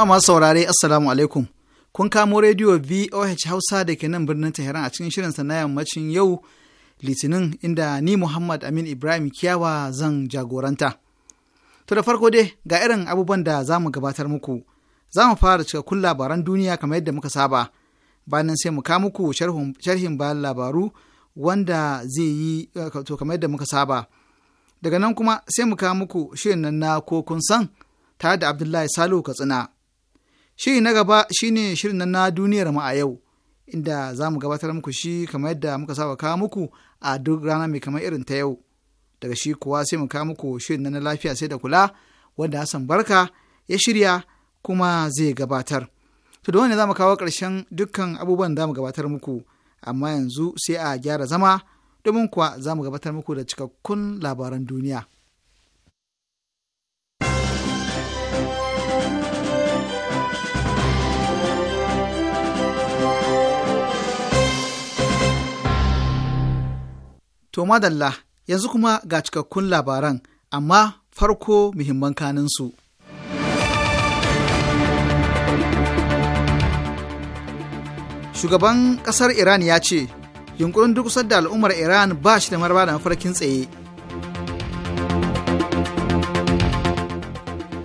Jama'a masu saurare Assalamu alaikum. Kun kamo rediyo VOH Hausa da ke nan birnin Tehran a cikin shirin na yammacin yau Litinin inda ni Muhammad Amin Ibrahim Kiyawa zan jagoranta. To da farko dai ga irin abubuwan da za mu gabatar muku. Za mu fara cikakkun labaran duniya kamar yadda muka saba. Bayan sai mu kawo muku sharhin bayan labaru wanda zai yi eh, to kamar yadda muka saba. Daga nan kuma sai mu kawo muku shirin nan na ko kun san tare da Abdullahi Salo Katsina. Shiri na gaba shine shirin na duniyar mu a yau, inda za mu gabatar muku shi kamar yadda muka saba kawo muku a duk rana mai kamar irin ta yau. Daga shi kuwa sai mu kawo muku shirin na lafiya sai da kula wanda Hassan Barka ya shirya kuma zai gabatar. To da ne za mu kawo ƙarshen dukkan abubuwan da mu gabatar muku, amma yanzu sai a gyara zama domin kuwa za mu gabatar muku da cikakkun labaran duniya. To madalla yanzu kuma ga cikakkun labaran amma farko muhimman kaninsu. Shugaban ƙasar Iran ya ce, yunkurin duk da al'ummar Iran ba shi da maraba da mafarkin tsaye.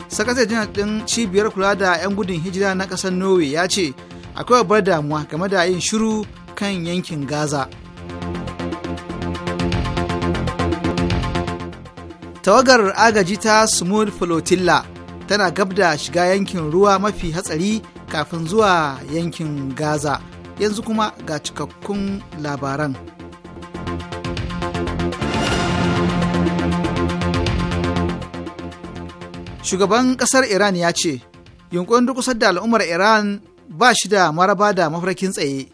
Sakatare jinar ɗin cibiyar kula da 'yan gudun hijira na ƙasar Norway ya ce, akwai babbar damuwa game da yin shiru kan yankin Gaza. tawagar agaji ta smooth flotilla tana gab da shiga yankin ruwa mafi hatsari kafin zuwa yankin gaza yanzu kuma ga cikakkun labaran shugaban kasar iran ya ce yunkurin kusa da al'ummar iran ba shi da maraba da mafarkin tsaye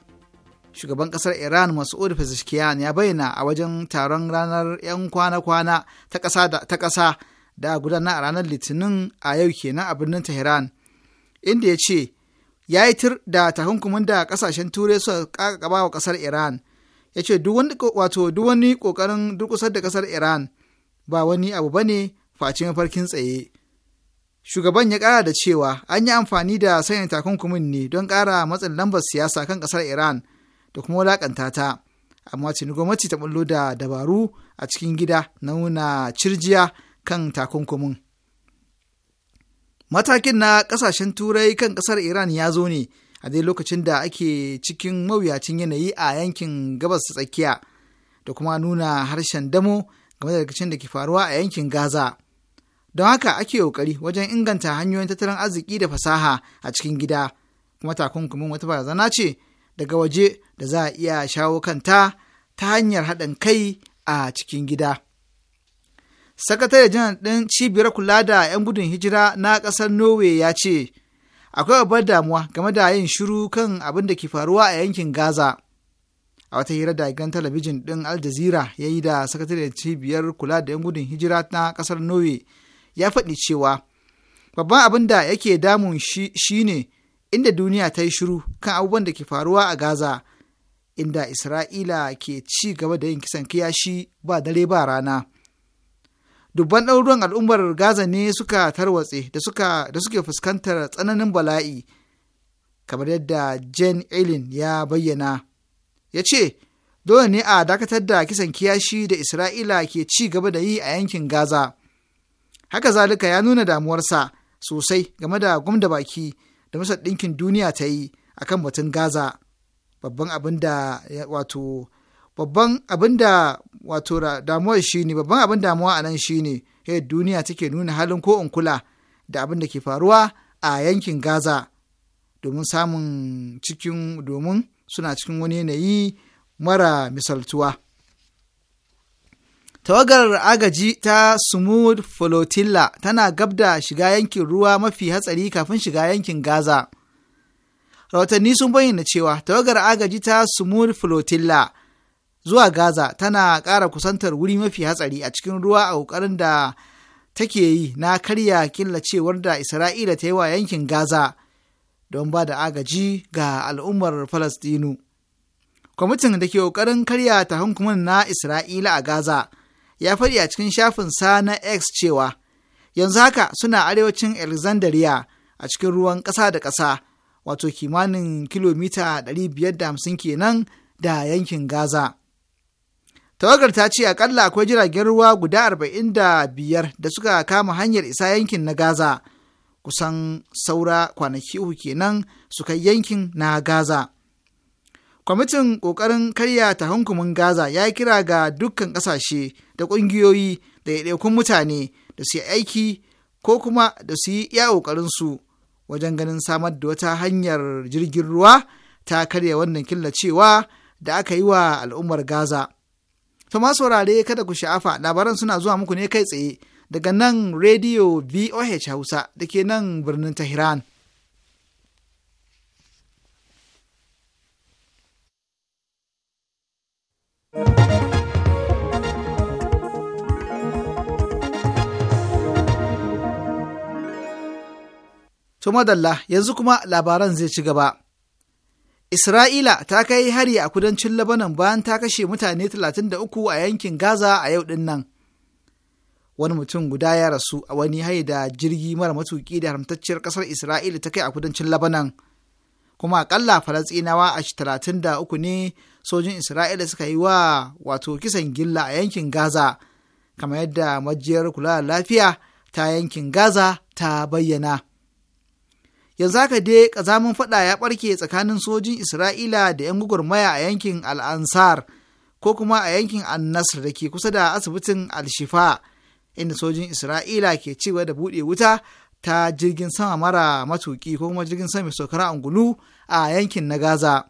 shugaban kasar iran mas'ud pezeshkian ya bayyana a wajen taron ranar 'yan kwana-kwana ta ƙasa da gudana a ranar litinin a yau kenan a birnin tehran inda ya ce ya yi tir da takunkumin da kasashen turai suka kakaba wa kasar iran ya ce wato duk wani kokarin durkusar da kasar iran ba wani abu ba ne facin farkin tsaye shugaban ya kara da cewa an yi amfani da sanya takunkumin ne don kara matsin lambar siyasa kan kasar iran da kuma wulakanta ta amma tuni gwamnati ta bullo da dabaru a cikin gida na nuna cirjiya kan takunkumin matakin na ƙasashen turai kan ƙasar iran ya zo ne a dai lokacin da ake cikin mawuyacin yanayi a yankin gabas tsakiya da kuma nuna harshen damo game da rikicin da ke faruwa a yankin gaza don haka ake kokari wajen inganta hanyoyin tattalin arziki da fasaha a cikin gida kuma takunkumin wata barazana ce daga waje da za a iya shawo kanta ta hanyar haɗin kai a cikin gida. Sakatare janar ɗin cibiyar kula da 'yan gudun hijira na ƙasar Norway ya ce, akwai babbar damuwa game da yin shiru kan abin da ke faruwa a yankin Gaza. A wata hira da gidan talabijin ɗin Al Jazeera ya yi da sakatare cibiyar kula da 'yan gudun hijira na ƙasar Norway ya faɗi cewa, babban abin da yake damun shi ne. inda duniya ta yi shiru kan abubuwan da ke faruwa a Gaza, inda Isra'ila ke ci gaba da yin kisan kiyashi ba dare ba rana. Dubban ɗaruruwan al'ummar Gaza ne suka tarwatse da suke fuskantar tsananin bala'i, kamar yadda Jen Elin ya bayyana. Ya ce, dole ne a dakatar da kisan kiyashi da Isra'ila ke ci gaba da yi a yankin Gaza. Haka zalika ya nuna damuwarsa sosai game da gwamda baki. da Masar ɗinkin duniya ta yi a kan batun Gaza babban abin da wato babban abin da wato shi ne babban abin damuwa a nan shine yadda duniya take nuna halin ko in kula da abin da ke faruwa a yankin Gaza domin samun cikin domin suna cikin wani yanayi mara misaltuwa. tawagar agaji ta smooth flotilla tana gab da shiga yankin ruwa mafi hatsari kafin shiga yankin gaza rahotanni sun bayyana cewa tawagar agaji ta smooth flotilla zuwa gaza tana ƙara kusantar wuri mafi hatsari a cikin ruwa a ƙoƙarin da take yi na karya killacewar da isra'ila ta yi wa yankin gaza don ba da agaji ga al'ummar falastinu kwamitin da ke ƙoƙarin karya ta na isra'ila a gaza ya faɗi a cikin shafin sa na X cewa, yanzu haka suna arewacin Alexandria a cikin ruwan ƙasa da ƙasa, wato kimanin kilomita 550 kenan da yankin Gaza. Tawagar ta ce akalla akwai jiragen ruwa guda 45 da suka kama hanyar isa yankin na Gaza, kusan saura kwanaki uku kenan su kai yankin na Gaza. kwamitin ƙoƙarin karya ta hankumin gaza ya kira ga dukkan ƙasashe da ƙungiyoyi da ɗaiɗaikun mutane da su yi aiki ko kuma da su yi iya ƙoƙarinsu wajen ganin samar da wata hanyar jirgin ruwa ta karya wannan killacewa da aka yi wa al'ummar gaza to ma saurare kada ku sha'afa labaran suna zuwa muku ne kai tsaye daga nan rediyo voh hausa da ke nan birnin tehran To madalla yanzu kuma labaran zai ci gaba. Isra'ila ta kai hari a kudancin Labanan bayan ta kashe mutane 33 a yankin Gaza a yau din nan. Wani mutum guda ya rasu a wani hari da jirgi mara matuƙi da haramtacciyar ƙasar Isra'ila ta kai a kudancin Labanan. Kuma akalla Falasɗinawa a 33 ne sojin Isra'ila suka yi wa wato kisan gilla a yankin Gaza, kamar yadda majiyar kula da lafiya ta yankin Gaza ta bayyana. yanzu haka dai ƙazamin faɗa ya ɓarke tsakanin sojin isra'ila da 'yan gwagwarmaya a yankin al'ansar ko kuma a yankin annasar da ke kusa da asibitin alshifa inda sojin isra'ila ke cewa da buɗe wuta ta jirgin sama mara matuƙi ko kuma jirgin sama mai saukar angulu a yankin na gaza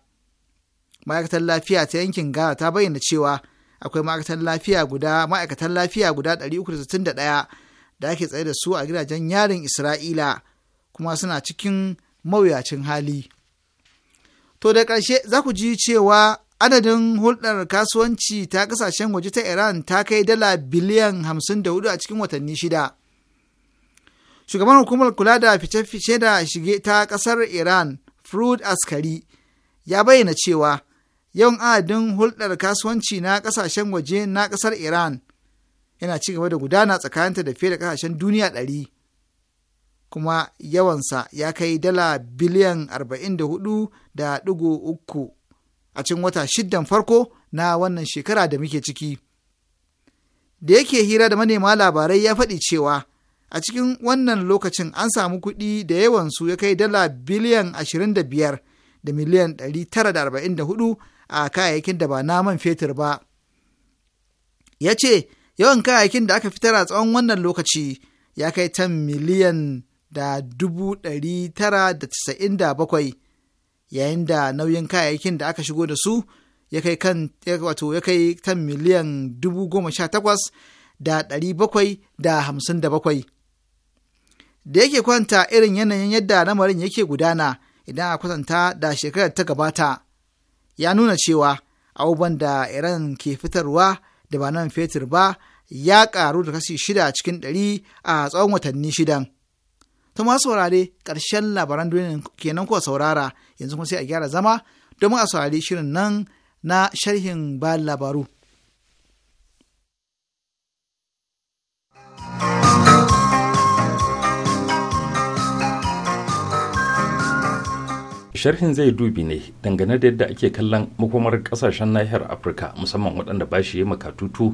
ma'aikatan lafiya ta yankin gaza ta bayyana cewa akwai ma'aikatan lafiya guda ma'aikatan lafiya guda 361 da ake tsaye da su a gidajen yarin isra'ila kuma suna cikin mawuyacin hali. To da ƙarshe za ku ji cewa adadin hulɗar kasuwanci ta ƙasashen waje ta Iran ta kai dala biliyan hamsin da hudu a cikin watanni shida. Shugaban hukumar kula da fice-fice da shige ta ƙasar Iran, fruit Askari, ya bayyana cewa yawan adadin hulɗar kasuwanci na ƙasashen waje na ƙasar Iran yana ci gaba da gudana tsakaninta da fiye da ƙasashen duniya ɗari. kuma yawansa ya kai dala biliyan 44.3 a cikin wata shiddan farko na wannan shekara da muke ciki. Da yake hira da manema labarai ya faɗi cewa a cikin wannan lokacin an samu kuɗi da yawansu ya kai dala biliyan 25 da miliyan 944 a kayayyakin da ba na man fetur ba. Ya ce, yawan kayayyakin da aka fitar a tsawon wannan lokaci ya kai tan miliyan da dubu ɗari tara da casa'in da bakwai yayin da nauyin kayayyakin da aka shigo da su ya kai kan wato ya kai kan miliyan dubu goma sha takwas da ɗari bakwai da hamsin da bakwai da yake kwanta irin yanayin yadda lamarin yake gudana idan a kwatanta da shekarar ta gabata ya nuna cewa abubuwan da iran ke fitarwa da ba nan fetur ba ya ƙaru da kashi shida cikin ɗari a tsawon watanni shidan. To masu saurare ƙarshen labaran duniya kenan kuwa saurara yanzu kuma sai a gyara zama domin a saurari shirin nan na sharhin bayan labaru. sharhin zai dubi ne dangane da yadda ake kallon makomar kasashen nahiyar afirka musamman waɗanda ba shi yi makatutu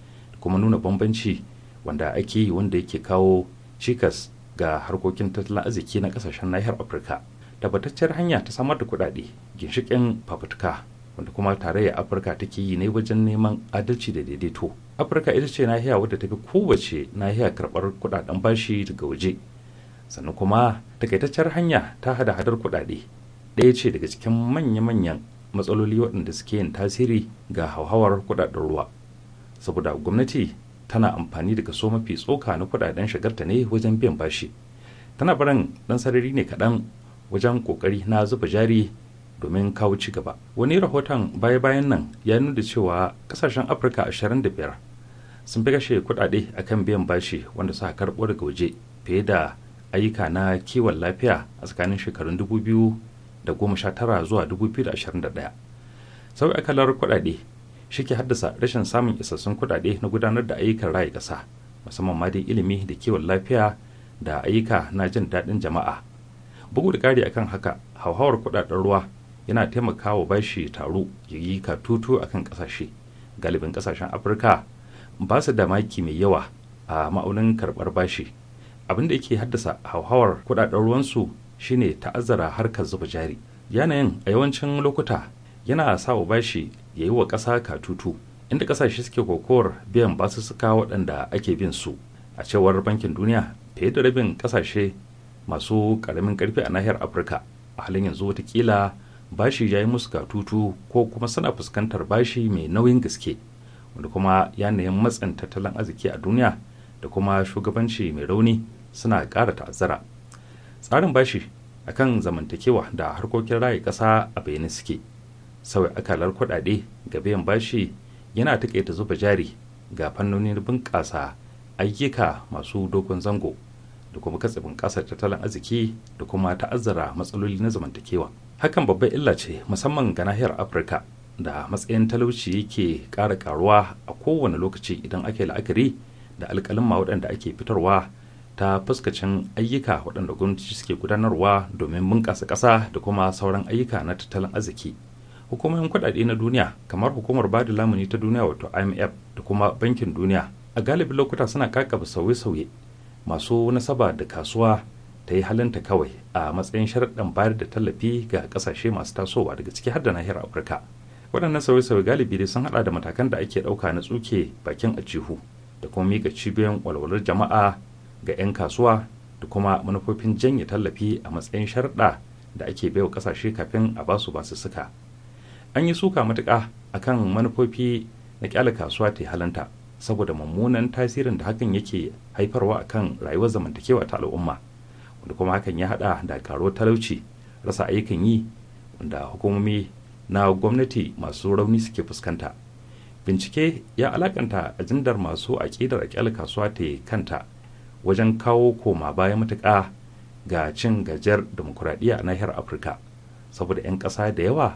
kuma nuna bambanci wanda ake yi wanda yake kawo cikas ga harkokin tattalin arziki na kasashen nahiyar afirka tabbatacciyar hanya ta samar da kudade ginshiƙin fafutuka wanda kuma tarayyar afirka take yi ne wajen neman adalci da daidaito afirka ita ce nahiya wadda ta fi kowace nahiya karɓar kudaden bashi daga waje sannan kuma takaitaccen hanya ta hada hadar kuɗaɗe ɗaya ce daga cikin manya-manyan matsaloli waɗanda suke yin tasiri ga hauhawar kudaden ruwa saboda gwamnati tana amfani da kaso mafi tsoka na kudaden shagarta ne wajen biyan bashi tana barin dan sarari ne kaɗan wajen kokari na zuba jari domin kawo ci gaba wani rahoton baya-bayan nan ya nuna cewa kasashen afirka 25 sun fi kashe kudade akan biyan bashi wanda suka karɓo daga waje fiye da ayyuka na kiwon lafiya a tsakanin shekarun 2019 zuwa 2021 sau akalar kudade shi ke haddasa rashin samun isassun kuɗaɗe na gudanar da ayyukan raya ƙasa musamman ma dai ilimi da kiwon lafiya da ayyuka na jin daɗin jama'a bugu da ƙari akan haka hauhawar kuɗaɗen ruwa yana taimakawa bashi taro ya yi katutu akan ƙasashe galibin ƙasashen afirka ba su da maki mai yawa a ma'aunin karɓar bashi abin da yake haddasa hauhawar kuɗaɗen ruwansu shine ta'azzara harkar zuba jari yanayin a yawancin lokuta yana sa bashi ya yi wa ƙasa katutu inda ƙasashe suke kokowar biyan basussuka waɗanda ake bin su a cewar bankin duniya fiye da rabin ƙasashe masu ƙaramin ƙarfi a nahiyar afirka a halin yanzu watakila bashi ya yi musu katutu ko kuma suna fuskantar bashi mai nauyin gaske wanda kuma yanayin matsin tattalin arziki a duniya da kuma shugabanci mai rauni suna ƙara ta'azzara tsarin bashi akan zamantakewa da harkokin raye ƙasa a bayyane suke sauya akalar kuɗaɗe ga biyan bashi yana taƙaita zuba jari ga fannonin bunƙasa ayyuka masu dogon zango da kuma katsibin ƙasar tattalin arziki da kuma ta'azzara matsaloli na zamantakewa hakan babbar illa ce musamman ga nahiyar afirka da matsayin talauci yake ƙara karuwa a kowane lokaci idan ake la'akari da alƙalin waɗanda ake fitarwa ta fuskacin ayyuka waɗanda gwamnati suke gudanarwa domin bunƙasa ƙasa da kuma sauran ayyuka na tattalin arziki hukumomin kuɗaɗe na duniya kamar hukumar bada lamuni ta duniya wato imf da kuma bankin duniya a galibi lokuta suna kakaba sauye-sauye masu nasaba da kasuwa ta yi halinta kawai a matsayin sharaɗin bayar da tallafi ga ƙasashe masu tasowa daga ciki har da nahiyar afirka waɗannan sauye-sauye galibi dai sun haɗa da matakan da ake ɗauka na tsuke bakin a cihu da kuma mika cibiyoyin walwalar jama'a ga 'yan kasuwa da kuma manufofin janye tallafi a matsayin sharaɗa da ake baiwa ƙasashe kafin a basu basu suka an yi suka matuƙa a kan manufofi na kyale kasuwa ta halanta saboda mummunan tasirin da hakan yake haifarwa a kan rayuwar zamantakewa ta al'umma wanda kuma hakan ya haɗa da karo talauci rasa ayyukan yi wanda hukumomi na gwamnati masu rauni suke fuskanta bincike ya alakanta ajindar masu aƙidar kyale kasuwa ta kanta wajen kawo koma baya matuƙa ga cin gajiyar demokuraɗiyya a nahiyar afirka saboda 'yan ƙasa da yawa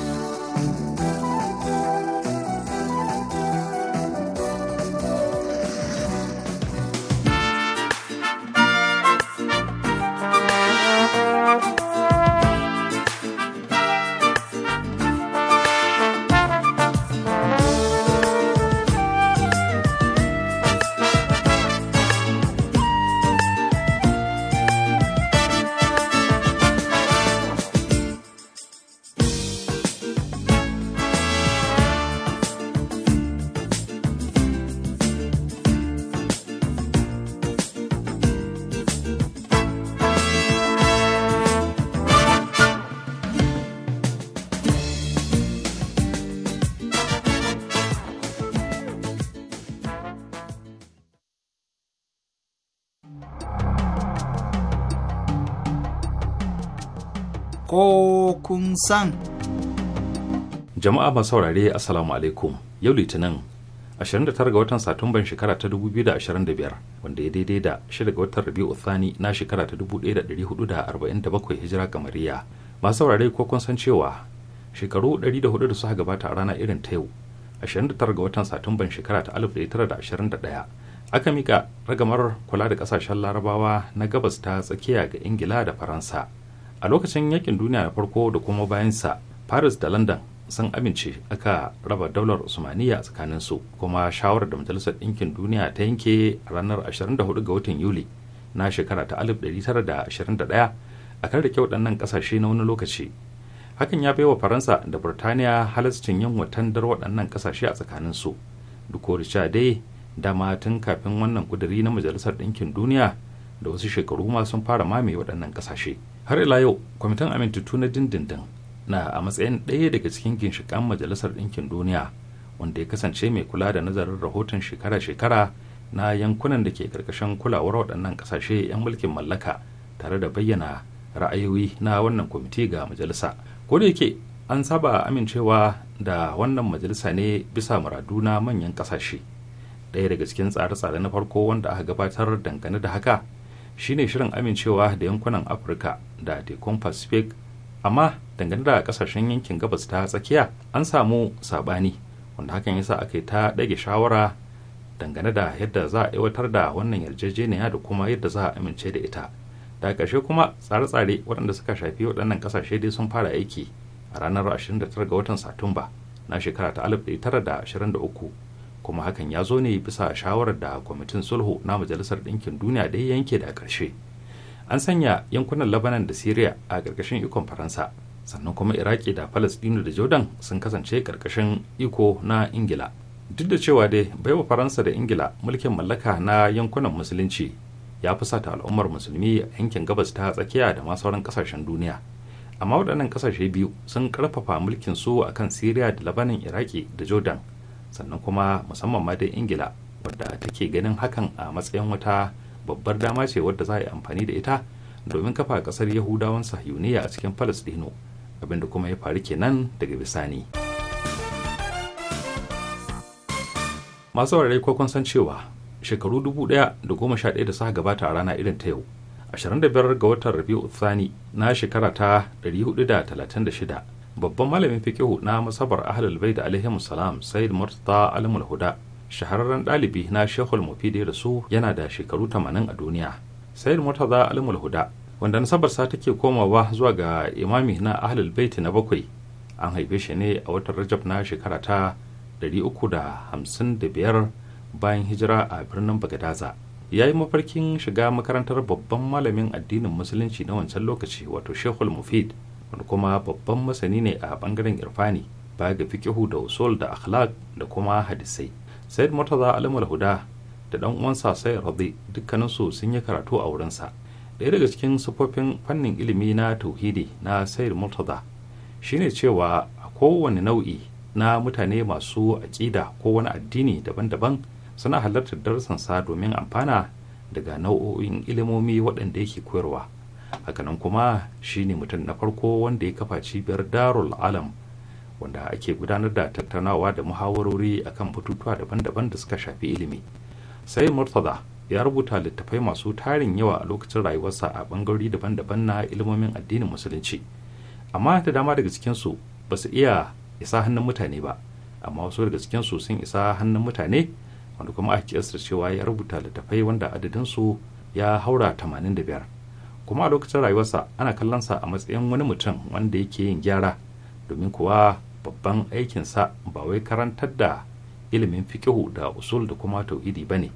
kun san. Jama'a masu saurare Assalamu alaikum yau Litinin 29 ga watan Satumban shekara ta 2025 wanda ya daidai da 6 ga watan Rabi'u Thani na shekara ta 1447 Hijira kamariya. Masu saurare ko kun san cewa shekaru 400 da suka gabata a rana irin ta yau 29 ga watan Satumban shekara ta 1921 aka mika ragamar kula da kasashen larabawa na gabas ta tsakiya ga Ingila da Faransa. a lokacin yakin duniya na farko da kuma bayan sa paris da london sun amince aka raba daular usmaniya tsakanin su kuma shawarar da majalisar ɗinkin duniya ta yanke ranar 24 ga watan yuli na shekara ta 1921 a kan rike waɗannan ƙasashe na wani lokaci hakan ya bai wa faransa da burtaniya halascin yin watandar waɗannan ƙasashe a tsakanin su duk da dai dama tun kafin wannan ƙuduri na majalisar ɗinkin duniya da wasu shekaru ma sun fara mamaye waɗannan ƙasashe. har ila yau kwamitin amintattu na dindindin na a matsayin ɗaya daga cikin ginshiƙan majalisar ɗinkin duniya wanda ya kasance mai kula da nazarin rahoton shekara-shekara na yankunan da ke ƙarƙashin kulawar waɗannan ƙasashe 'yan mulkin mallaka tare da bayyana ra'ayoyi na wannan kwamiti ga majalisa ko da yake an saba amincewa da wannan majalisa ne bisa muradu na manyan ƙasashe ɗaya daga cikin tsare-tsare na farko wanda aka gabatar dangane da haka shine shirin amincewa da yankunan afirka da tekun pacific amma dangane da kasashen yankin gabas ta tsakiya an samu sabani wanda hakan yasa aka yi ta ɗage shawara dangane da yadda za a aiwatar da wannan yarjejeniya da kuma yadda za a amince da ita daga ƙarshe kuma tsare-tsare waɗanda suka shafi waɗannan ƙasashe dai sun fara aiki a ranar 29 ga watan satumba na shekara ta 1923 kuma hakan ya zo ne bisa shawarar da kwamitin sulhu na majalisar ɗinkin duniya da yanke da ƙarshe an sanya yankunan labanan da syria a ƙarƙashin ikon faransa sannan kuma iraki da palestino da jordan sun kasance ƙarƙashin iko na ingila duk da cewa dai baiwa faransa da ingila mulkin mallaka na yankunan musulunci ya fi sata al'ummar musulmi a yankin gabas ta tsakiya da ma sauran kasashen duniya amma waɗannan kasashe biyu sun ƙarfafa mulkin su akan syria da labanin iraki da jordan sannan kuma musamman ma dai ingila wadda take ganin hakan a matsayin wata babbar dama ce wadda za a yi amfani da ita domin kafa kasar yahudawan sahiyuniya a cikin palestino abinda kuma ya faru kenan daga bisani masu warare ko kun san cewa shekaru dubu ɗaya da goma sha ɗaya da suka gabata a rana irin ta yau 25 ga watan rabi'u thani na shekara ta 436 babban malamin fikihu na masabar ahlul bai da alaihimu said murtaza alimul huda shahararren ɗalibi na shehul mufidi da su yana da shekaru 80 a duniya said murtaza alimul huda wanda nasabarsa take komawa zuwa ga imami na ahlul baiti na bakwai an haife shi ne a watan rajab na shekara ta 355 bayan hijira a birnin bagadaza ya yi mafarkin shiga makarantar babban malamin addinin musulunci na wancan lokaci wato shehul mufid wani kuma babban masani ne a bangaren irfani ba ga fikihu da usul da akhlaq da kuma hadisai said murtaza alamul huda da dan uwansa sai radi dukkaninsu sun yi karatu a wurinsa ɗaya daga cikin sufofin fannin ilimi na tauhidi na said murtaza shine cewa a kowane nau'i na mutane masu aƙida ko wani addini daban-daban suna halartar darasinsa domin amfana daga nau'o'in ilimomi waɗanda yake koyarwa hakanan kuma shine mutum na farko wanda ya kafa cibiyar darul alam wanda ake gudanar da tattaunawa da muhawarori akan batutuwa daban-daban da suka shafi ilimi sai murtaza ya rubuta littattafai masu tarin yawa a lokacin rayuwarsa a bangarori daban-daban na ilimomin addinin musulunci amma da dama daga cikinsu ba su iya isa hannun mutane ba amma wasu daga cikinsu sun isa hannun mutane wanda kuma a cewa ya rubuta littattafai wanda adadinsu ya haura 85 kuma a lokacin rayuwarsa ana kallon sa a matsayin wani mutum wanda yake yin gyara domin kuwa babban aikin sa ba wai karantar da ilimin fikihu da usul da kuma tauhidi ba ne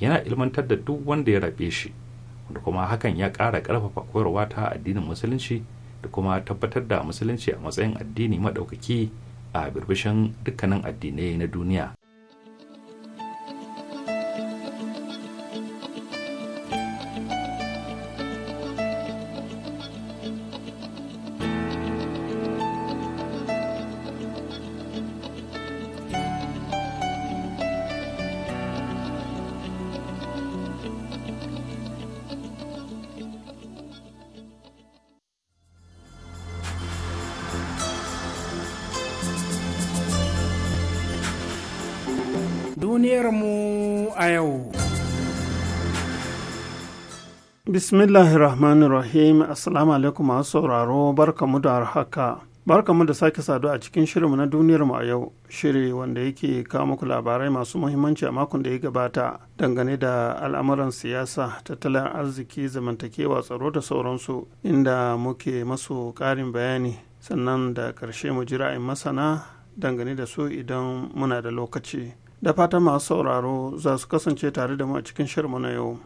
yana ilmantar da duk wanda ya rabe shi wanda kuma hakan ya ƙara ƙarfafa koyarwa ta addinin musulunci da kuma tabbatar da musulunci a matsayin addini maɗaukaki a birbishin dukkanin addinai na duniya. duniyarmu a yau. Bismillahir Rahmanir Rahim Assalamu alaikum masu sauraro barkamu da haka. Barkamu da sake saduwa a cikin shirinmu na duniyarmu a yau, shiri wanda yake kawo muku labarai masu muhimmanci a makon da ya gabata dangane da al'amuran siyasa, tattalin arziki, zamantakewa, tsaro da sauransu inda muke masu ƙarin bayani sannan da ƙarshe mu ra'ayin masana dangane da su idan muna da lokaci. da fata masu sauraro za su kasance tare da mu a cikin shirmu na yau.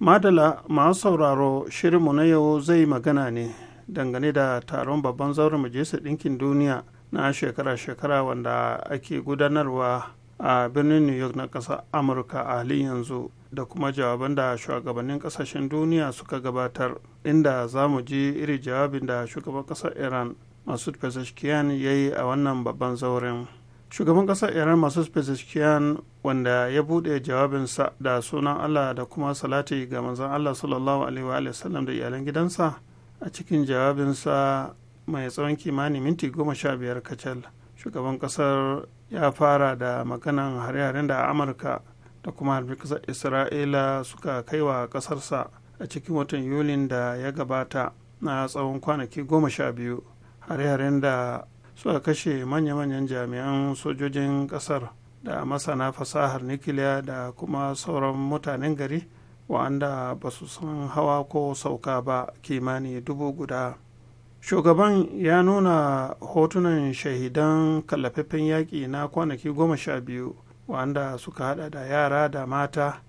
Madala masu sauraro shirinmu na yau zai magana ne dangane da taron babban zauren majalisar ɗinkin duniya na shekara-shekara wanda ake gudanarwa a birnin New York na ƙasar Amurka a halin yanzu da kuma jawaban da shugabannin kasashen duniya suka gabatar inda za mu ji iri jawabin da shugaban kasar iran masu pezeshkian ya yi a wannan babban zauren shugaban kasar iran masu pezeshkian wanda ya buɗe jawabinsa da sunan allah da kuma salati ga manzon allah sallallahu alaihi wa sallam da iyalan gidansa a cikin jawabinsa mai tsawon kimanin minti goma sha biyar kacal shugaban kasar ya fara da maganan hare-haren da amurka da kuma harbin isra'ila suka kai wa ƙasarsa a cikin watan yulin da ya gabata na tsawon kwanaki goma sha biyu hare-haren da suka kashe manya-manyan jami'an sojojin kasar da masana fasahar nukiliya da kuma sauran mutanen gari wa'anda ba su san hawa ko sauka ba kimani dubu guda shugaban ya nuna hotunan shahidan kallafaffen yaƙi na kwanaki goma sha biyu wanda suka hada da yara da mata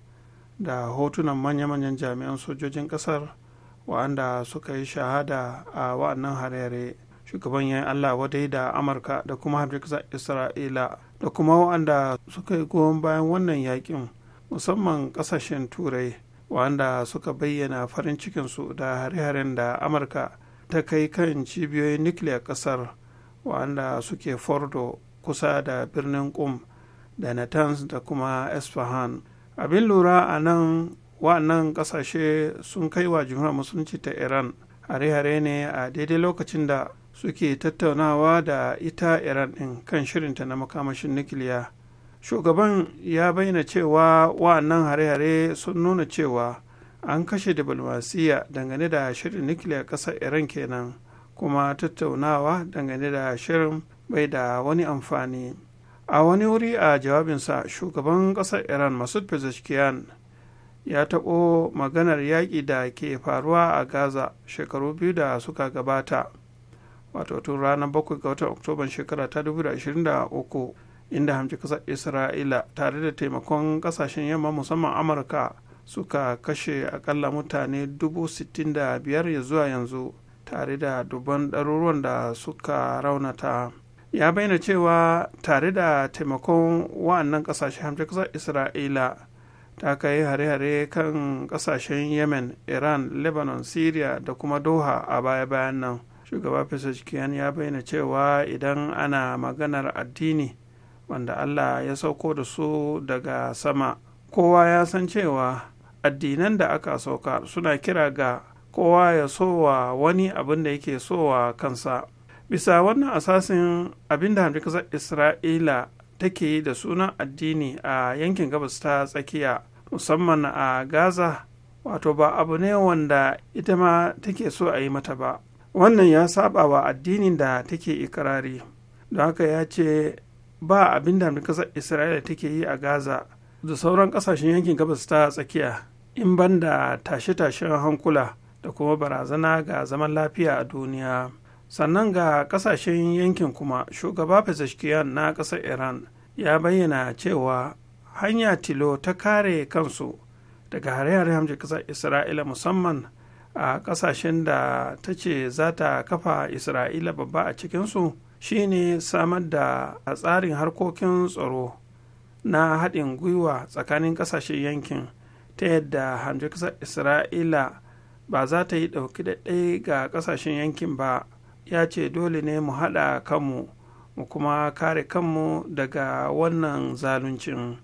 da hotunan manya-manyan jami'an sojojin kasar wa'anda suka yi shahada a wa'annan harere shugaban yayin allah wadai da amurka da kuma hamdukasar isra'ila da kuma wa'anda suka yi goyon bayan wannan yakin musamman kasashen turai wa'anda suka bayyana farin cikinsu da hare-haren da amurka ta kai kan cibiyoyin nukiliyar kasar wa'anda suke fordo kusa da birnin kum da natanz da kuma isfahan abin lura a nan wa'annan kasashe sun kai wa jimhuriyar musulunci ta iran hare-hare ne a daidai lokacin da suke tattaunawa da ita iran ɗin kan shirinta na makamashin nukiliya shugaban ya bayyana cewa wa'annan hare-hare sun nuna cewa an kashe diplomasiya dangane da shirin nukiliya ƙasa iran kenan kuma tattaunawa dangane da shirin bai da wani amfani. a wani wuri a jawabinsa shugaban ƙasar iran masud pezeshkian ya taɓo maganar yaƙi da ke faruwa a gaza shekaru biyu da suka gabata wato tun ranar 7 ga watan oktoban shekara ta 2023 inda hamci kasar isra'ila tare da taimakon ƙasashen yamma musamman amurka suka kashe akalla mutane 65,000 ya zuwa yanzu tare da dubban ɗaruruwan da suka raunata. ya bayyana cewa tare da taimakon wa'annan kasashe hamshe kasar isra'ila ta kai hare-hare kan kasashen yemen iran lebanon syria da kuma doha a baya-bayan nan shugaba pezeshkian ya bayyana cewa idan ana maganar addini wanda allah ya sauko da su daga sama kowa ya san cewa addinan da aka sauka suna kira ga kowa ya sowa wani abin da yake sowa kansa bisa wannan asasin da hamdi kasar isra'ila take yi da sunan addini a yankin gabas ta tsakiya musamman a gaza wato ba abu ne wanda ita ma take so a yi mata ba wannan ya saba wa addinin da take ikirari don haka ya ce ba abin da kasar isra'ila take yi a gaza da sauran kasashen yankin gabas ta tsakiya in banda tashe-tashen hankula da kuma barazana ga zaman lafiya a duniya sannan ga kasashen yankin kuma shugaba pezeshkian na ƙasar iran ya bayyana cewa hanya tilo ta kare kansu daga hare-hare hamji ƙasar isra'ila musamman a ƙasashen da ta ce za ta kafa isra'ila babba a cikinsu shine samar da a tsarin harkokin tsaro na haɗin gwiwa tsakanin ƙasashen yankin ta yadda hamji ƙasar isra'ila ba za ta yi ɗauki da ɗaya ga ƙasashen yankin ba ya ce dole ne mu haɗa kanmu mu kuma kare kanmu daga wannan zaluncin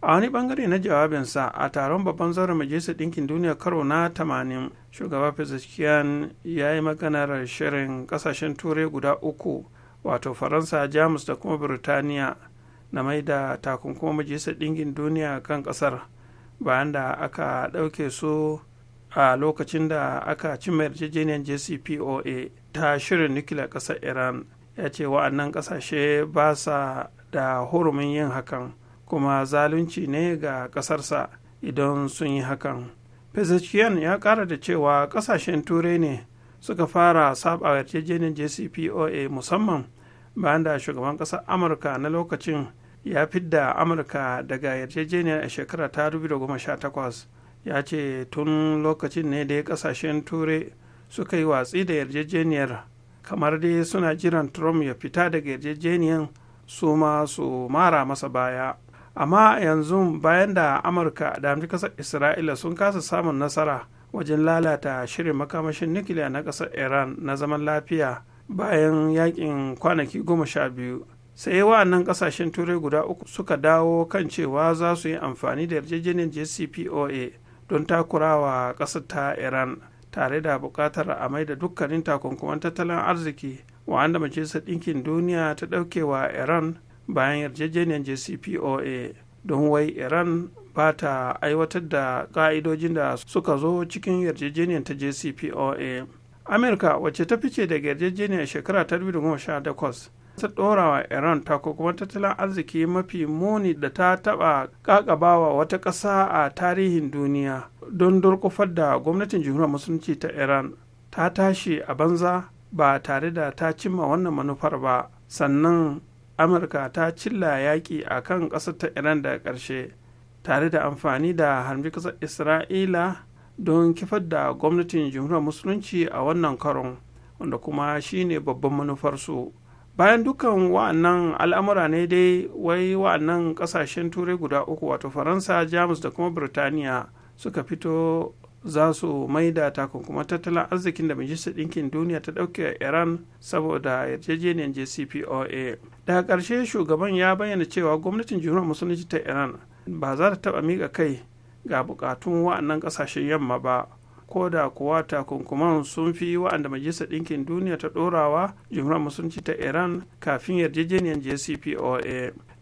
a wani bangare na jawabinsa a taron babban zauren majalisar ɗinkin duniya karo na 80 shugaba pezeshkian ya yi maganar shirin ƙasashen turai guda uku wato faransa jamus da kuma birtaniya na mai da takunkuma majalisar ɗinkin duniya kan ƙasar bayan da aka ɗauke su a lokacin da aka cimma yarjejeniyar jcpoa ta shirin nukila ƙasar iran ya ce wa'annan ƙasashe ba sa da hurumin yin hakan kuma zalunci ne ga ƙasarsa idan sun yi hakan pezeshkian ya ƙara da cewa ƙasashen turai ne suka fara saba yarjejeniyar jcpoa musamman bayan da shugaban ƙasar amurka na lokacin ya fidda amurka daga yarjejeniyar a shekara ta 2018 ya ce tun lokacin ne dai ƙasashen turai suka yi watsi da yarjejeniyar kamar dai suna jiran trump ya fita daga yarjejeniyar su ma su mara masa baya amma yanzu bayan da amurka da kasar isra'ila sun kasa samun nasara wajen lalata shirin makamashin nukiliya na kasar iran na zaman lafiya bayan yakin kwanaki goma sha biyu sai wa'annan kasashen turai guda uku suka dawo kan cewa za su yi amfani da yarjejeniyar jcpoa don takurawa kasar ta iran tare da bukatar a mai da dukkanin takunkuman tattalin arziki wa'anda majalisar ɗinkin duniya ta ɗaukewa iran bayan yarjejeniyar jcpoa don wai iran ba ta aiwatar da ka'idojin da suka zo cikin yarjejeniyar ta jcpoa amurka wacce ta fice daga yarjejeniyar shekara ta 2018 ta ɗora wa iran takunkuman tattalin arziki mafi muni da ta taɓa ƙaƙabawa wata ƙasa a tarihin duniya don dorkofar da gwamnatin jihunan musulunci ta iran ta tashi a banza ba tare da ta cimma wannan manufar ba sannan amurka ta cilla yaƙi a kan ƙasar ta iran da ƙarshe tare da amfani da harbi ƙasar isra'ila don kifar da gwamnatin jihunan musulunci a wannan karon wanda kuma shine babban manufarsu bayan dukkan wa'annan al'amura ne dai wai wa'annan ƙasashen turai guda uku wato faransa jamus da kuma birtaniya suka fito za su maida takunkuma tattalin arzikin da majalisar ɗinkin duniya ta ɗauke iran saboda yarjejeniyar jcpoa daga ƙarshe shugaban ya bayyana cewa gwamnatin jihar musulunci ta iran ba za ta taɓa miƙa kai ga buƙatun wa'annan ƙasashen yamma ba ko da kuwa takunkuman sun fi wa'anda majalisar ɗinkin duniya ta ɗorawa jihar musulunci ta iran kafin yarjejeniyar jcpoa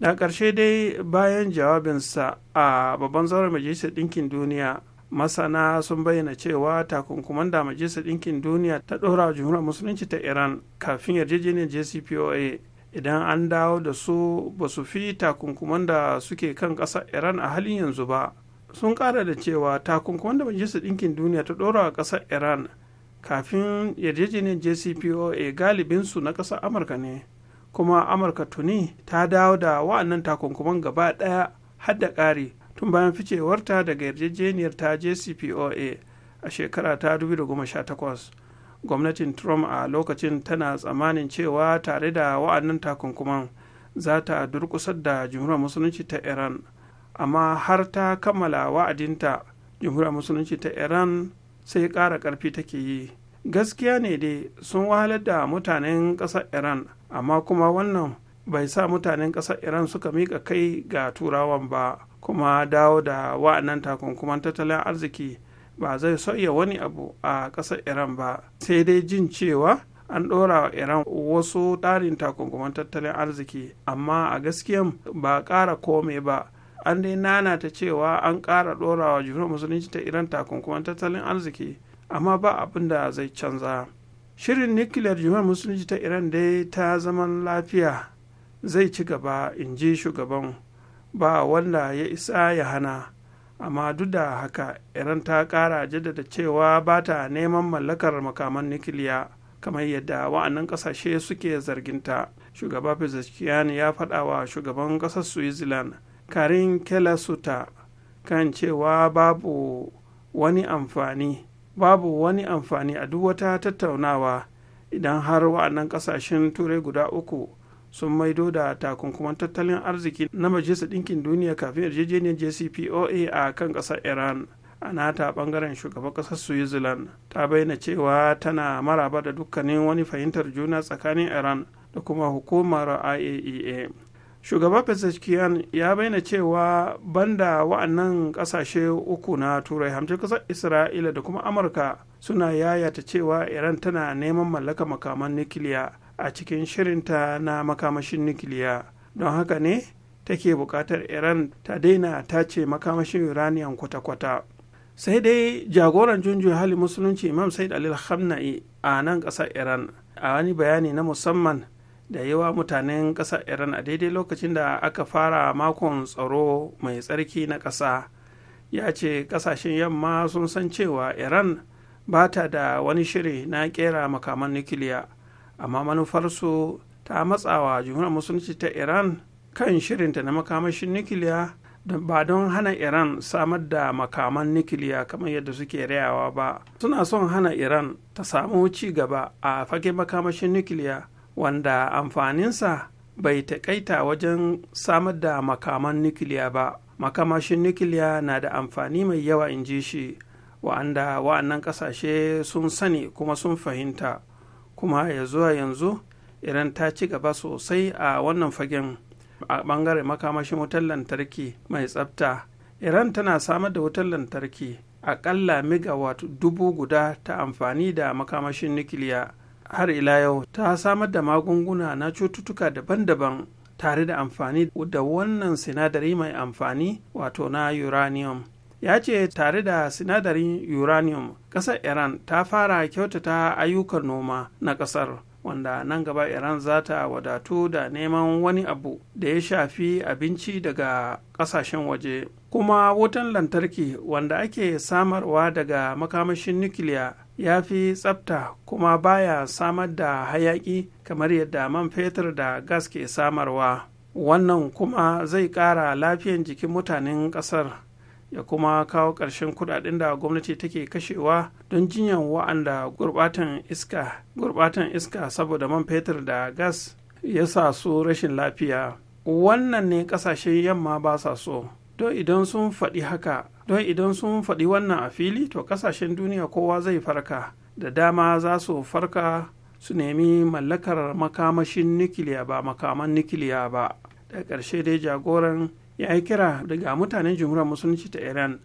da ƙarshe dai bayan jawabinsa a babban zauren majalisar ɗinkin duniya masana sun bayyana cewa takunkuman da majalisar ɗinkin duniya ta ɗora wa musulunci ta iran kafin yarjejeniyar jcpoa idan an dawo da su ba su fi takunkuman da suke kan ƙasar iran a halin yanzu ba sun kara da cewa takunkuman da majalisar ɗinkin duniya ta ɗora wa ƙasar iran kafin yarjejeniyar jcpoa galibinsu na ƙasar amurka ne kuma amurka tuni ta dawo da wa'annan takunkuman gaba ɗaya har da ƙari tun bayan ficewarta daga yarjejeniyar ta jcpoa a shekara ta 2018 gwamnatin trump a lokacin tana tsamanin cewa tare da wa'annan takunkuman za ta durkusar da jumhuriyar musulunci ta iran amma har ta kammala wa'adinta jumhuriyar musulunci ta iran sai ƙara ƙarfi take yi gaskiya ne dai sun wahalar da mutanen ƙasar iran amma kuma wannan bai sa mutanen ƙasar iran suka miƙa kai ga turawan ba kuma dawo da wa'annan takunkuman tattalin arziki ba zai sauya wani abu a ƙasar iran ba sai dai jin cewa an ɗora wa iran wasu tsarin takunkuman tattalin arziki amma a gaskiyan ba ƙara kome ba an dai ta cewa an ƙara ɗora wa musulunci ta iran takunkuman tattalin arziki amma ba abin da zai canza shirin nukiliyar jihar musulunci ta iran dai ta zaman lafiya zai ci gaba in ji shugaban ba wanda ya isa ya hana amma duk da haka iran ta kara jaddada cewa ba ta neman mallakar makaman nukiliya kamar yadda wa'annan kasashe suke zarginta shugaba fizikiyan ya faɗa wa shugaban ƙasar switzerland karin kelasuta kan cewa babu wani amfani babu wani amfani a duk wata tattaunawa idan har wa'annan kasashen turai guda uku sun maido da takunkuman tattalin arziki na majalisar ɗinkin duniya kafin yarjejeniyar jcpoa a kan ƙasar iran a nata ɓangaren shugaban ƙasar switzerland ta bayyana cewa tana maraba da dukkanin wani fahimtar juna tsakanin iran da kuma hukumar iaea e shugaba Pezeshkian ya bayyana cewa banda wa'annan kasashe uku na turai hamsin kasar isra'ila da kuma amurka suna yayata cewa iran tana neman mallaka makaman nukiliya a cikin shirinta na makamashin nukiliya don haka ne take bukatar iran ta daina tace makamashin uranium kwata-kwata sai dai jagoran junju hali musulunci imam said alil a nan ƙasar iran a wani bayani na musamman da yawa mutanen ƙasar iran a daidai lokacin da aka fara makon tsaro mai tsarki na ƙasa ya ce ƙasashen yamma sun san cewa iran ba ta da wani shiri na ƙera makaman nukiliya amma manufarsu ta matsawa juna musulunci ta iran kan shirinta na makamashin nukiliya ba don hana iran samar da makaman nukiliya kamar yadda suke rayawa ba suna son hana iran ta samu ci gaba a fagen makamashin nukiliya wanda amfaninsa bai taƙaita wajen samar da makaman nukiliya ba makamashin nukiliya na da amfani mai yawa in ji shi wa'anda wa'annan ƙasashe sun sani kuma sun fahimta kuma ya zuwa yanzu iran ta ci gaba sosai a wannan fagen a ɓangare makamashin wutar lantarki mai tsabta iran tana samar da wutar lantarki aƙalla megawatt dubu guda ta amfani da makamashin nukiliya har ila yau ta samar da magunguna na cututtuka daban-daban tare da amfani da wannan sinadari mai amfani wato na uranium ya ce tare da sinadarin uranium ƙasar iran ta fara kyautata ayyukan noma na ƙasar wanda nan gaba iran za ta wadatu da neman wani abu da ya shafi abinci daga ƙasashen waje kuma wutan lantarki wanda ake samarwa daga makamashin nukiliya ya fi tsafta kuma baya samar da hayaƙi kamar yadda man fetur da gas ke samarwa wannan kuma zai ƙara lafiyan jikin mutanen ƙasar ya kuma kawo ƙarshen kudaden da gwamnati take kashewa don jinyan wa'anda gurbatan iska gurbatan iska saboda man fetur da gas ya sa su rashin lafiya wannan ne ƙasashen yamma ba sa so don idan sun faɗi haka don idan sun faɗi wannan a fili to ƙasashen duniya kowa zai farka da dama za su farka su nemi mallakar makamashin nukiliya ba makaman nukiliya ba da ƙarshe dai jagoran ya yi kira daga mutanen jumhuriyar musulunci ta iran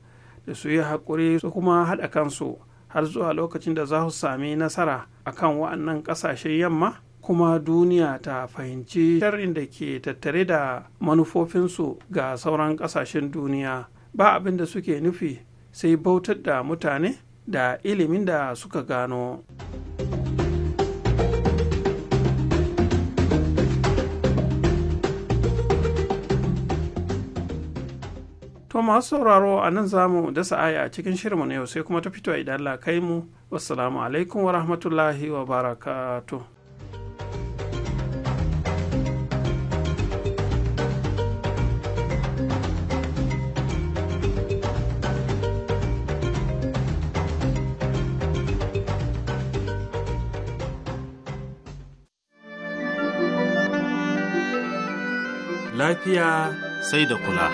da su yi haƙuri su kuma haɗa kansu har zuwa lokacin da za su sami nasara a kan wa'annan ƙasashen yamma kuma duniya ta fahimci sharrin da ke tattare da manufofinsu ga sauran ƙasashen duniya ba abin da suke nufi sai bautar da mutane da ilimin da suka gano to masu sauraro a nan zamu dasa aya a cikin shirinmu na yau sai kuma ta fito a idan Allah kai mu wassalamu alaikum wa rahmatullahi wa barakatuh lafiya sai da kula.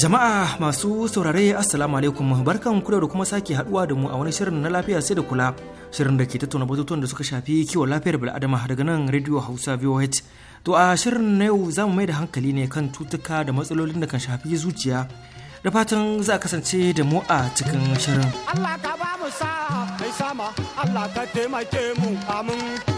Jama'a masu saurare Assalamu alaikum barkan ku da kuma sake haduwa da mu a wani shirin na lafiya sai da kula shirin da ke tattauna batutuwan da suka shafi kiwon lafiyar bil'adama daga nan Radio Hausa VOH. To a shirin na yau zamu mai da hankali ne kan cutuka da matsalolin da kan shafi zuciya da fatan za a kasance da mu a cikin shirin. Allah ka ba mu sa'a mai sama Allah ka taimake mu amin.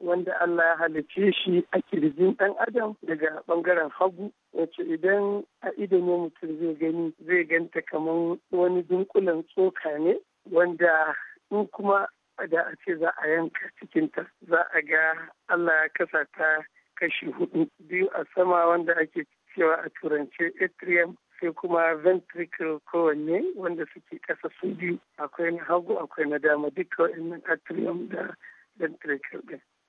wanda Allah ya halice shi a kirjin ɗan adam daga ɓangaren hagu Wace idan a idon mutum zai gani zai ganta kamar wani dunkulen tsoka ne wanda in kuma da a ce za a yanka cikinta za a ga Allah ya kasa ta kashi hudu biyu a sama wanda ake cewa a turance atrium sai kuma ventricle kowanne wanda suke kasa su biyu akwai na hagu akwai na dama duka wa'annan atrium da ventricle din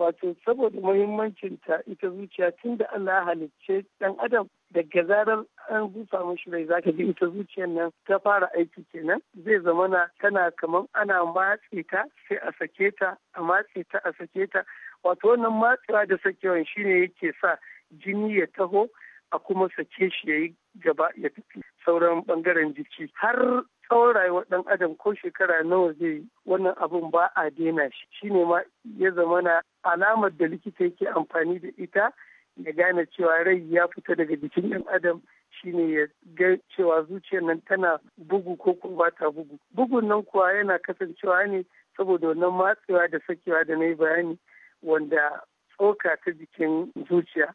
wato saboda ta ita zuciya Tunda Allah ya halicce ɗan adam daga zarar an busa mashi rai zaka ji ita zuciyar nan ta fara aiki kenan zai zama na tana kamar ana matse ta sai a sake ta a matse ta a sake ta wato wannan matsewa da sakewan shine yake sa jini ya taho a kuma sake shi yayi gaba ya tafi sauran bangaren jiki har tsawon rayuwar dan adam ko shekara nawa zai wannan abun ba a daina shi shine ma ya zama alamar da likita yake amfani da ita ya gane cewa rai ya fita daga jikin 'yan adam shine ya ga cewa zuciyar nan tana bugu ko kuma ba ta bugu bugun nan kuwa yana kasancewa ne saboda wannan matsewa da sakewa da na yi bayani wanda tsoka ta jikin zuciya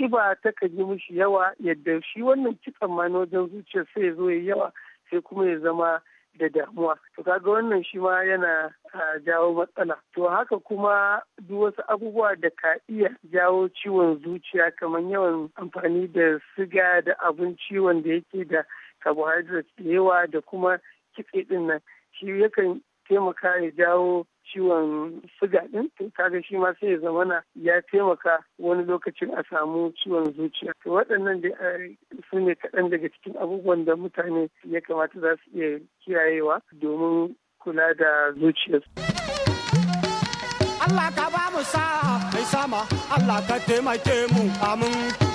kiba ta takan yi mishi yawa yadda shi wannan kitsan ma wajen zuciya sai ya zo ya yawa sai kuma ya zama da damuwa to kaga wannan shi ma yana jawo matsala to haka kuma duk wasu abubuwa da ka iya jawo ciwon zuciya kamar yawan amfani da siga da abin ciwon da yake da carbohydrates da yawa da kuma kitse din nan shi yakan taimaka ya jawo ciwon siga din to kaga shi ma sai ya zamana ya taimaka wani lokacin a samu ciwon zuciya to waɗannan da su ne kaɗan daga cikin abubuwan da mutane ya kamata za su iya kiyayewa domin kula da zuciyarsu. Allah ka ba mu sa mai sama Allah ka taimake mu amin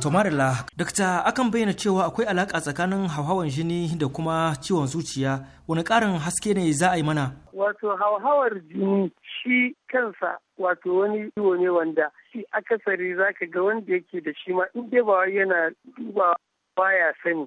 Tomarila, dakta akan bayyana cewa akwai alaƙa tsakanin hauhawan jini da kuma ciwon zuciya, wani ƙarin haske ne za a yi mana? Wato hauhawar jini shi kansa wato wani ciwo ne wanda shi akasari zaka ga wanda yake da shi ma in dai ba yana dubawa baya sani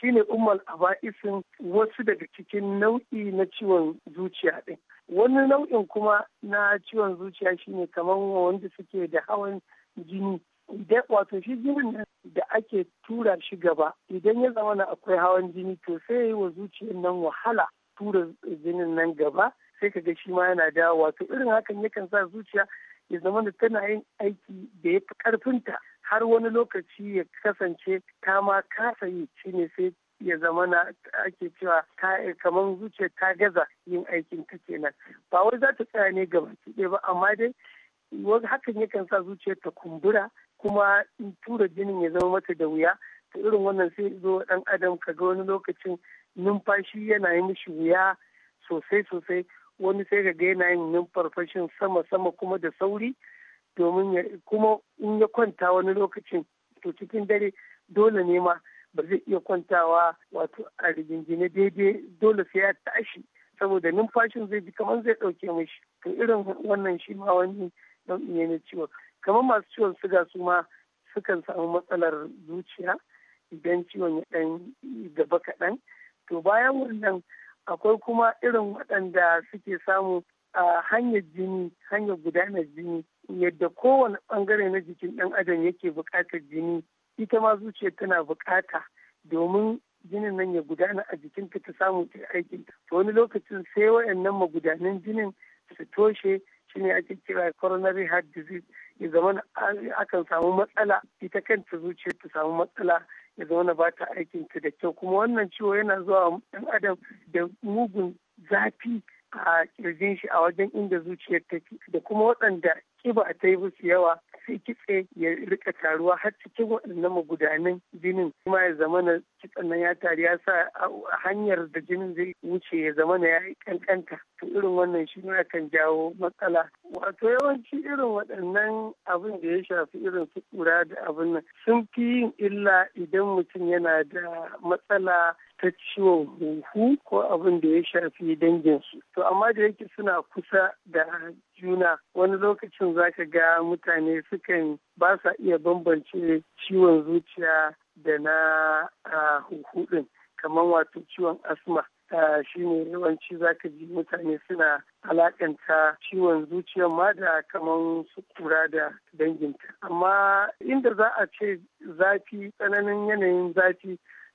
shine a aba'isin wasu daga cikin nau'i na ciwon zuciya ɗin wani nau'in kuma na ciwon zuciya shine kamar wanda suke da hawan jini idan wato shi jinin da ake tura shi gaba idan ya zama na akwai hawan jini to sai yi wa zuciyar nan wahala tura jinin nan gaba sai ka ga shi ma yana dawo Wato irin hakan yakan sa zuciya ya zama da tana yin aiki da ya fi karfinta har wani lokaci ya kasance ta ma kasa yi shine sai ya zama na ake cewa kamar zuciya ta gaza yin aikin ta kenan ba wai za ta tsaya ne gaba ɗaya ba amma dai wani hakan yakan sa zuciya ta kumbura kuma tura jinin ya zama mata da wuya ta irin wannan sai zo ɗan adam ka ga wani lokacin numfashi yana yi mishi wuya sosai sosai wani sai ga yana yin numfarfashin sama sama kuma da sauri domin ya kuma in ya kwanta wani lokacin to cikin dare dole ne ma ba zai iya kwantawa wato a rigingine daidai dole sai ya tashi saboda numfashin zai ji kamar zai dauke mishi to irin wannan shi ma wani nau'i ne na ciwo kamar masu ciwon suga su ma sukan samu matsalar zuciya idan ciwon ya dan gaba kaɗan to bayan wannan akwai kuma irin waɗanda suke samu a hanyar jini hanyar gudanar jini yadda kowane bangare na jikin dan adam yake bukatar jini ita ma zuciyar tana bukata domin jinin nan ya gudana a jikin ta ta samu ta aikin to wani lokacin sai wayannan magudanan jinin su toshe shine ake kira coronary heart disease ya zama akan samu matsala ita kanta zuciyar ta samu matsala ya zama ba ta aikin ta da kyau kuma wannan ciwo yana zuwa dan adam da mugun zafi a kirjin shi a wajen inda zuciyar take da kuma waɗanda kiba a ta yi musu yawa sai kitse ya rika taruwa har cikin waɗannan magudanan jinin kuma ya zamana kitsen nan ya taru ya sa hanyar da jinin zai wuce ya zamana ya yi kankanta to irin wannan shi ne kan jawo matsala wato yawanci irin waɗannan abin da ya shafi irin su kura da abin nan sun fi yin illa idan mutum yana da matsala ta ciwon huhu ko abin da ya shafi danginsu. To amma da yake suna kusa da juna wani lokacin za ka ga mutane sukan ba sa iya bambance ciwon zuciya da na huhu ɗin kamar wato ciwon asma. shi ne yawanci za ka ji mutane suna alakanta ciwon zuciya ma da kamar su kura da danginta amma inda za a ce zafi tsananin yanayin zafi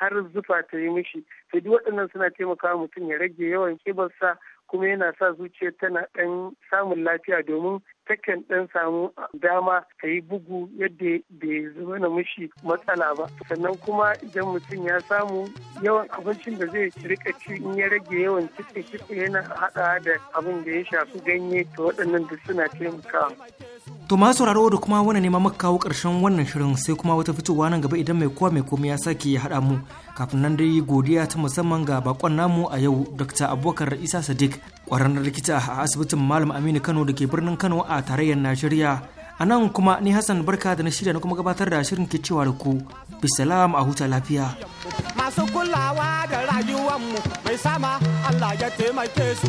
har zufa ta yi mishi sai duk waɗannan suna taimakawa mutum ya rage yawan kibarsa kuma yana sa zuciya tana ɗan samun lafiya domin kakan ɗan samu dama ka yi bugu yadda bai zama na mushi matsala ba sannan kuma idan mutum ya samu yawan abincin da zai rika ci in ya rage yawan kitse kitse yana haɗa da abin da ya shafi ganye to waɗannan duk suna taimakawa. To ma sauraro da kuma wani neman maka kawo ƙarshen wannan shirin sai kuma wata fitowa nan gaba idan mai kowa mai komai ya sake ya haɗa mu kafin nan dai godiya ta musamman ga bakon namu a yau dr abubakar isa sadiq kwararren likita a asibitin malam aminu kano da ke birnin kano a tarayyar najeriya a nan kuma ni hassan barka da na shirya na kuma gabatar da shirin ke cewa da ku bisalam a huta lafiya masu kulawa da rayuwanmu mai sama allah ya taimake su